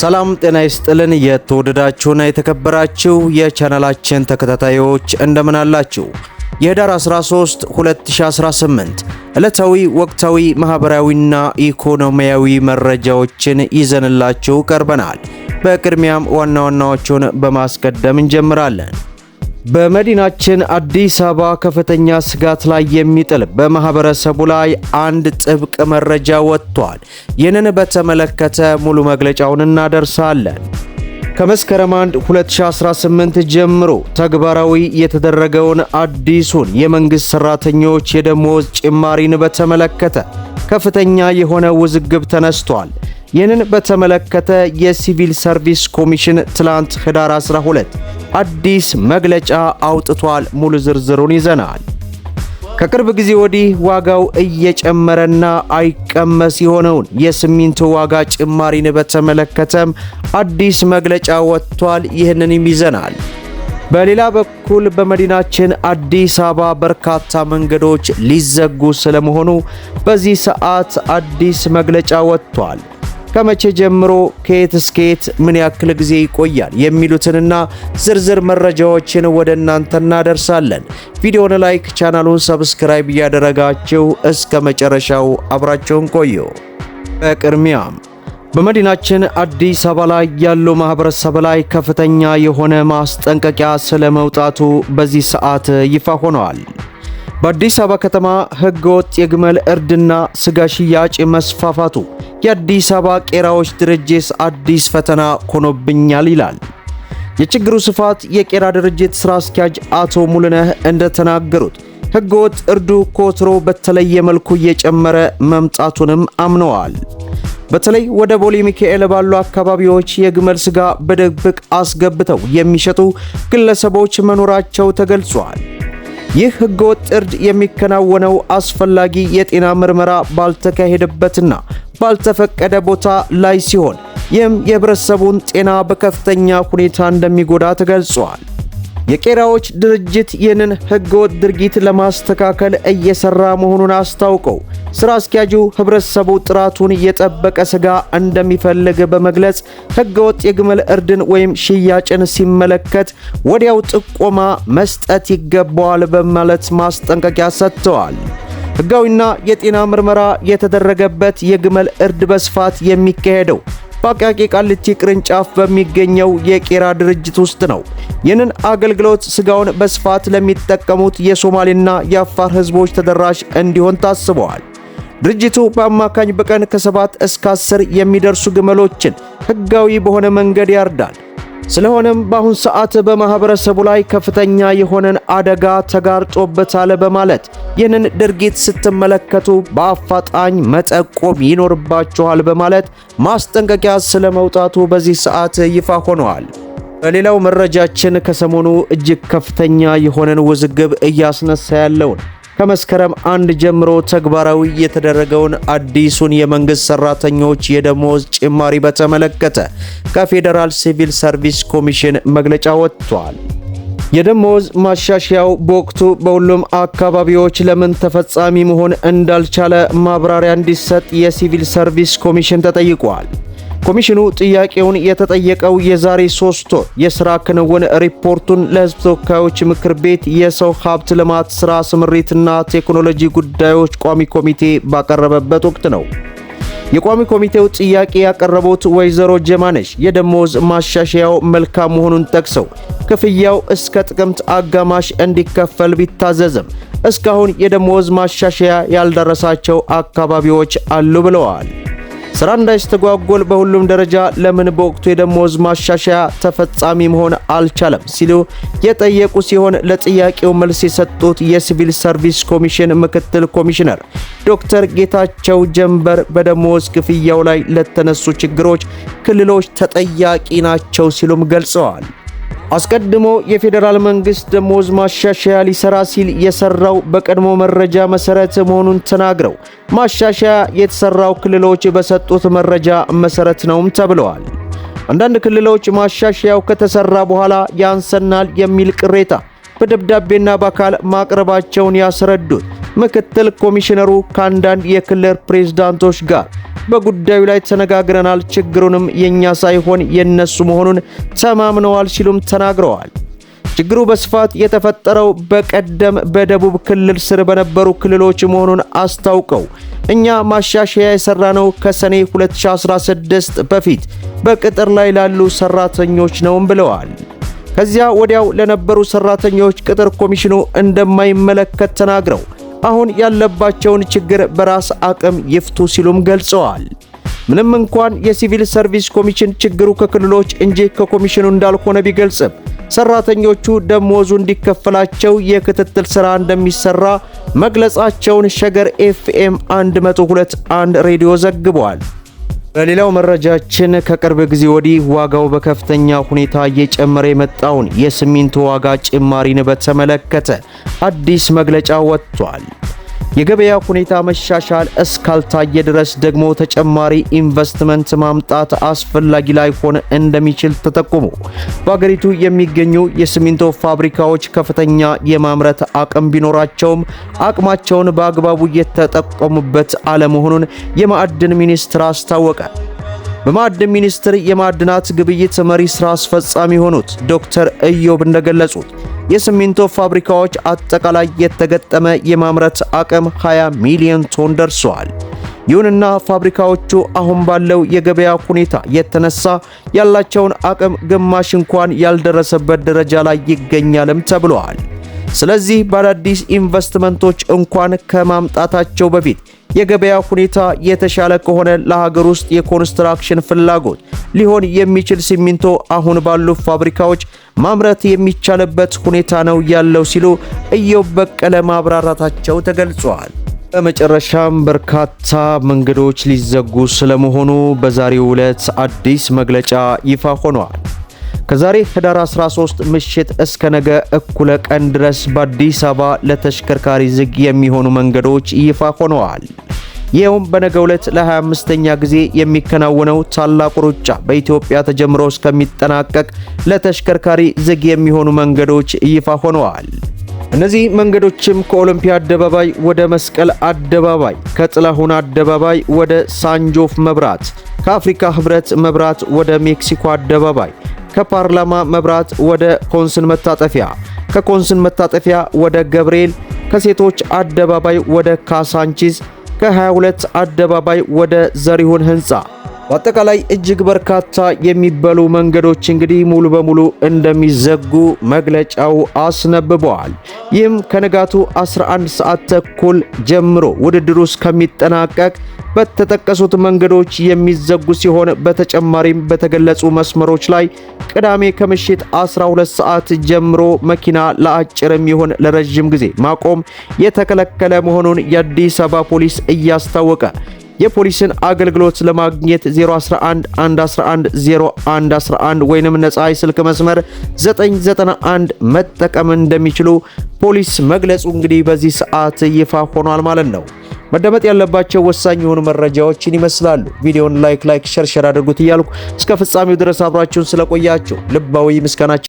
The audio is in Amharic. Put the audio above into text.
ሰላም ጤና ይስጥልን። የተወደዳችሁና የተከበራችሁ የቻናላችን ተከታታዮች እንደምን አላችሁ? የህዳር 13 2018 ዕለታዊ ወቅታዊ ማኅበራዊና ኢኮኖሚያዊ መረጃዎችን ይዘንላችሁ ቀርበናል። በቅድሚያም ዋና ዋናዎቹን በማስቀደም እንጀምራለን። በመዲናችን አዲስ አበባ ከፍተኛ ስጋት ላይ የሚጥል በማህበረሰቡ ላይ አንድ ጥብቅ መረጃ ወጥቷል። ይህንን በተመለከተ ሙሉ መግለጫውን እናደርሳለን። ከመስከረም 1 2018 ጀምሮ ተግባራዊ የተደረገውን አዲሱን የመንግሥት ሠራተኞች የደሞዝ ጭማሪን በተመለከተ ከፍተኛ የሆነ ውዝግብ ተነስቷል። ይህንን በተመለከተ የሲቪል ሰርቪስ ኮሚሽን ትላንት ህዳር 12 አዲስ መግለጫ አውጥቷል። ሙሉ ዝርዝሩን ይዘናል። ከቅርብ ጊዜ ወዲህ ዋጋው እየጨመረና አይቀመስ የሆነውን የሲሚንቶ ዋጋ ጭማሪን በተመለከተም አዲስ መግለጫ ወጥቷል። ይህንንም ይዘናል። በሌላ በኩል በመዲናችን አዲስ አበባ በርካታ መንገዶች ሊዘጉ ስለመሆኑ በዚህ ሰዓት አዲስ መግለጫ ወጥቷል። ከመቼ ጀምሮ ከየት እስከየት ምን ያክል ጊዜ ይቆያል የሚሉትንና ዝርዝር መረጃዎችን ወደ እናንተ እናደርሳለን። ቪዲዮን ላይክ፣ ቻናሉን ሰብስክራይብ እያደረጋችሁ እስከ መጨረሻው አብራችሁን ቆዩ። በቅድሚያም በመዲናችን አዲስ አበባ ላይ ያለው ማህበረሰብ ላይ ከፍተኛ የሆነ ማስጠንቀቂያ ስለመውጣቱ በዚህ ሰዓት ይፋ ሆነዋል። በአዲስ አበባ ከተማ ወጥ የግመል እርድና ስጋ ሽያጭ መስፋፋቱ የአዲስ አበባ ቄራዎች ድርጅት አዲስ ፈተና ሆኖብኛል ይላል። የችግሩ ስፋት የቄራ ድርጅት ስራ አስኪያጅ አቶ ሙሉነህ እንደተናገሩት ህገወጥ እርዱ ከወትሮ በተለየ መልኩ እየጨመረ መምጣቱንም አምነዋል። በተለይ ወደ ቦሌ ሚካኤል ባሉ አካባቢዎች የግመል ስጋ በድብቅ አስገብተው የሚሸጡ ግለሰቦች መኖራቸው ተገልጿል። ይህ ህገወጥ እርድ የሚከናወነው አስፈላጊ የጤና ምርመራ ባልተካሄደበትና ባልተፈቀደ ቦታ ላይ ሲሆን ይህም የህብረተሰቡን ጤና በከፍተኛ ሁኔታ እንደሚጎዳ ተገልጿል። የቄራዎች ድርጅት ይህንን ህገወጥ ድርጊት ለማስተካከል እየሰራ መሆኑን አስታውቀው ስራ አስኪያጁ ህብረተሰቡ ጥራቱን የጠበቀ ስጋ እንደሚፈልግ በመግለጽ ህገወጥ የግመል እርድን ወይም ሽያጭን ሲመለከት ወዲያው ጥቆማ መስጠት ይገባዋል በማለት ማስጠንቀቂያ ሰጥተዋል። ህጋዊና የጤና ምርመራ የተደረገበት የግመል እርድ በስፋት የሚካሄደው በአቃቂ ቃልቺ ቅርንጫፍ በሚገኘው የቄራ ድርጅት ውስጥ ነው። ይህንን አገልግሎት ስጋውን በስፋት ለሚጠቀሙት የሶማሌና የአፋር ህዝቦች ተደራሽ እንዲሆን ታስበዋል። ድርጅቱ በአማካኝ በቀን ከ7 እስከ አስር የሚደርሱ ግመሎችን ህጋዊ በሆነ መንገድ ያርዳል። ስለሆነም በአሁን ሰዓት በማህበረሰቡ ላይ ከፍተኛ የሆነን አደጋ ተጋርጦበታል በማለት ይህንን ድርጊት ስትመለከቱ በአፋጣኝ መጠቆም ይኖርባችኋል በማለት ማስጠንቀቂያ ስለመውጣቱ በዚህ ሰዓት ይፋ ሆነዋል። በሌላው መረጃችን ከሰሞኑ እጅግ ከፍተኛ የሆነን ውዝግብ እያስነሳ ያለውን ከመስከረም አንድ ጀምሮ ተግባራዊ የተደረገውን አዲሱን የመንግስት ሰራተኞች የደሞዝ ጭማሪ በተመለከተ ከፌዴራል ሲቪል ሰርቪስ ኮሚሽን መግለጫ ወጥቷል። የደሞዝ ማሻሻያው በወቅቱ በሁሉም አካባቢዎች ለምን ተፈጻሚ መሆን እንዳልቻለ ማብራሪያ እንዲሰጥ የሲቪል ሰርቪስ ኮሚሽን ተጠይቋል። ኮሚሽኑ ጥያቄውን የተጠየቀው የዛሬ ሶስት ወር የስራ ክንውን ሪፖርቱን ለሕዝብ ተወካዮች ምክር ቤት የሰው ሀብት ልማት ስራ ስምሪትና ቴክኖሎጂ ጉዳዮች ቋሚ ኮሚቴ ባቀረበበት ወቅት ነው። የቋሚ ኮሚቴው ጥያቄ ያቀረቡት ወይዘሮ ጀማነሽ የደሞዝ ማሻሻያው መልካም መሆኑን ጠቅሰው ክፍያው እስከ ጥቅምት አጋማሽ እንዲከፈል ቢታዘዝም እስካሁን የደሞዝ ማሻሻያ ያልደረሳቸው አካባቢዎች አሉ ብለዋል። ስራ እንዳይስተጓጎል በሁሉም ደረጃ ለምን በወቅቱ የደሞዝ ማሻሻያ ተፈጻሚ መሆን አልቻለም ሲሉ የጠየቁ ሲሆን ለጥያቄው መልስ የሰጡት የሲቪል ሰርቪስ ኮሚሽን ምክትል ኮሚሽነር ዶክተር ጌታቸው ጀንበር በደሞዝ ክፍያው ላይ ለተነሱ ችግሮች ክልሎች ተጠያቂ ናቸው ሲሉም ገልጸዋል። አስቀድሞ የፌዴራል መንግስት ደሞዝ ማሻሻያ ሊሰራ ሲል የሰራው በቀድሞ መረጃ መሰረት መሆኑን ተናግረው ማሻሻያ የተሰራው ክልሎች በሰጡት መረጃ መሰረት ነውም ተብለዋል። አንዳንድ ክልሎች ማሻሻያው ከተሰራ በኋላ ያንሰናል የሚል ቅሬታ በደብዳቤና በአካል ማቅረባቸውን ያስረዱት ምክትል ኮሚሽነሩ ከአንዳንድ የክልል ፕሬዝዳንቶች ጋር በጉዳዩ ላይ ተነጋግረናል፣ ችግሩንም የእኛ ሳይሆን የነሱ መሆኑን ተማምነዋል ሲሉም ተናግረዋል። ችግሩ በስፋት የተፈጠረው በቀደም በደቡብ ክልል ስር በነበሩ ክልሎች መሆኑን አስታውቀው እኛ ማሻሻያ የሰራነው ከሰኔ 2016 በፊት በቅጥር ላይ ላሉ ሰራተኞች ነውም ብለዋል። ከዚያ ወዲያው ለነበሩ ሰራተኞች ቅጥር ኮሚሽኑ እንደማይመለከት ተናግረው አሁን ያለባቸውን ችግር በራስ አቅም ይፍቱ ሲሉም ገልጸዋል። ምንም እንኳን የሲቪል ሰርቪስ ኮሚሽን ችግሩ ከክልሎች እንጂ ከኮሚሽኑ እንዳልሆነ ቢገልጽም ሰራተኞቹ ደሞዙ እንዲከፈላቸው የክትትል ሥራ እንደሚሰራ መግለጻቸውን ሸገር ኤፍኤም 102.1 ሬዲዮ ዘግቧል። በሌላው መረጃችን ከቅርብ ጊዜ ወዲህ ዋጋው በከፍተኛ ሁኔታ እየጨመረ የመጣውን የሲሚንቶ ዋጋ ጭማሪን በተመለከተ አዲስ መግለጫ ወጥቷል። የገበያ ሁኔታ መሻሻል እስካልታየ ድረስ ደግሞ ተጨማሪ ኢንቨስትመንት ማምጣት አስፈላጊ ላይሆን እንደሚችል ተጠቁሙ። በአገሪቱ የሚገኙ የሲሚንቶ ፋብሪካዎች ከፍተኛ የማምረት አቅም ቢኖራቸውም አቅማቸውን በአግባቡ የተጠቀሙበት አለመሆኑን የማዕድን ሚኒስትር አስታወቀ። በማዕድን ሚኒስቴር የማዕድናት ግብይት መሪ ስራ አስፈጻሚ የሆኑት ዶክተር እዮብ እንደገለጹት የሲሚንቶ ፋብሪካዎች አጠቃላይ የተገጠመ የማምረት አቅም 20 ሚሊዮን ቶን ደርሷል። ይሁንና ፋብሪካዎቹ አሁን ባለው የገበያ ሁኔታ የተነሳ ያላቸውን አቅም ግማሽ እንኳን ያልደረሰበት ደረጃ ላይ ይገኛልም ተብሏል። ስለዚህ በአዳዲስ ኢንቨስትመንቶች እንኳን ከማምጣታቸው በፊት የገበያ ሁኔታ የተሻለ ከሆነ ለሀገር ውስጥ የኮንስትራክሽን ፍላጎት ሊሆን የሚችል ሲሚንቶ አሁን ባሉ ፋብሪካዎች ማምረት የሚቻልበት ሁኔታ ነው ያለው ሲሉ እየው በቀለ ማብራራታቸው ተገልጿል። በመጨረሻም በርካታ መንገዶች ሊዘጉ ስለመሆኑ በዛሬው ዕለት አዲስ መግለጫ ይፋ ሆኗል። ከዛሬ ህዳር 13 ምሽት እስከ ነገ እኩለ ቀን ድረስ በአዲስ አበባ ለተሽከርካሪ ዝግ የሚሆኑ መንገዶች ይፋ ሆነዋል። ይኸውም በነገው ዕለት ለ25ኛ ጊዜ የሚከናወነው ታላቁ ሩጫ በኢትዮጵያ ተጀምሮ እስከሚጠናቀቅ ለተሽከርካሪ ዝግ የሚሆኑ መንገዶች ይፋ ሆነዋል። እነዚህ መንገዶችም ከኦሎምፒያ አደባባይ ወደ መስቀል አደባባይ፣ ከጥላሁን አደባባይ ወደ ሳንጆፍ መብራት፣ ከአፍሪካ ህብረት መብራት ወደ ሜክሲኮ አደባባይ ከፓርላማ መብራት ወደ ኮንስን መታጠፊያ፣ ከኮንስን መታጠፊያ ወደ ገብርኤል፣ ከሴቶች አደባባይ ወደ ካሳንቺስ፣ ከ22 አደባባይ ወደ ዘሪሁን ህንፃ። በአጠቃላይ እጅግ በርካታ የሚበሉ መንገዶች እንግዲህ ሙሉ በሙሉ እንደሚዘጉ መግለጫው አስነብበዋል። ይህም ከንጋቱ 11 ሰዓት ተኩል ጀምሮ ውድድሩ እስከሚጠናቀቅ በተጠቀሱት መንገዶች የሚዘጉ ሲሆን በተጨማሪም በተገለጹ መስመሮች ላይ ቅዳሜ ከምሽት 12 ሰዓት ጀምሮ መኪና ለአጭርም ይሁን ለረዥም ጊዜ ማቆም የተከለከለ መሆኑን የአዲስ አበባ ፖሊስ እያስታወቀ የፖሊስን አገልግሎት ለማግኘት 011 ወይንም ነጻ የስልክ መስመር 991 መጠቀም እንደሚችሉ ፖሊስ መግለጹ እንግዲህ በዚህ ሰዓት ይፋ ሆኗል ማለት ነው። መደመጥ ያለባቸው ወሳኝ የሆኑ መረጃዎችን ይመስላሉ። ቪዲዮን ላይክ ላይክ ሸርሸር አድርጉት እያልኩ እስከ ፍጻሜው ድረስ አብራችሁን ስለቆያችሁ ልባዊ ምስጋናችን